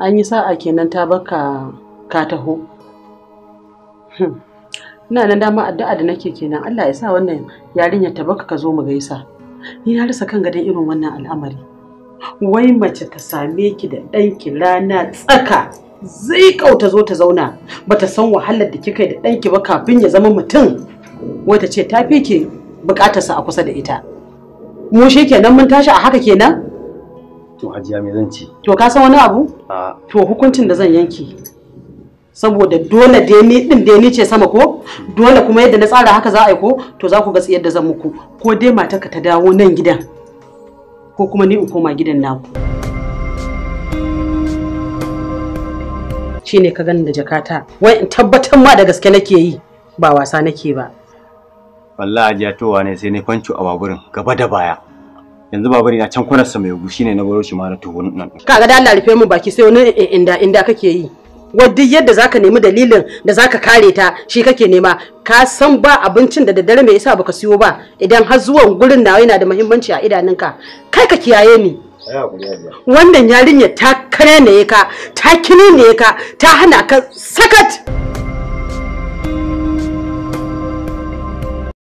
an yi sa'a kenan ta baka ka taho hmm. ina nan dama addu'a da nake kenan Allah ya sa wannan yarinyar ta baka ka zo mu gaisa ni na rasa kan gadon irin wannan al'amari wai mace ta same ki da ɗanki rana tsaka zai ta zo ta zauna bata san wahalar da kika yi da ɗanki ba kafin ya zama mutum wai ta ce ta fi ki bukatarsa a kusa da ita mu shi kenan mun tashi a haka kenan to hajiya me zan to ka san wani abu to hukuncin da zan yanke saboda dole dai ni din dai ni ce sama ko dole kuma yadda na tsara haka za a yi ko to za ku ga tsiyar da zan muku ko dai matarka ta dawo nan gidan ko kuma ni in koma gidan naku shine ka gani da jakata wai in tabbatar ma da gaske nake yi ba wasa nake ba wallahi ajiya towa ne sai ne fanco a baburin gaba da baya yanzu babari na can kwanar sa mai yugu shine na baro shi ma na tuhun nan kaga da Allah rufe mu baki sai wani inda inda kake yi wadda yadda zaka nemi dalilin da zaka kare ta shi kake nema ka san ba abincin da daddare mai yasa baka siyo ba idan har zuwan gurin nawa yana da muhimmanci a idanunka kai ka kiyaye ni wannan yarinya ta kare ne ka ta kini ne ka ta hana ka sakat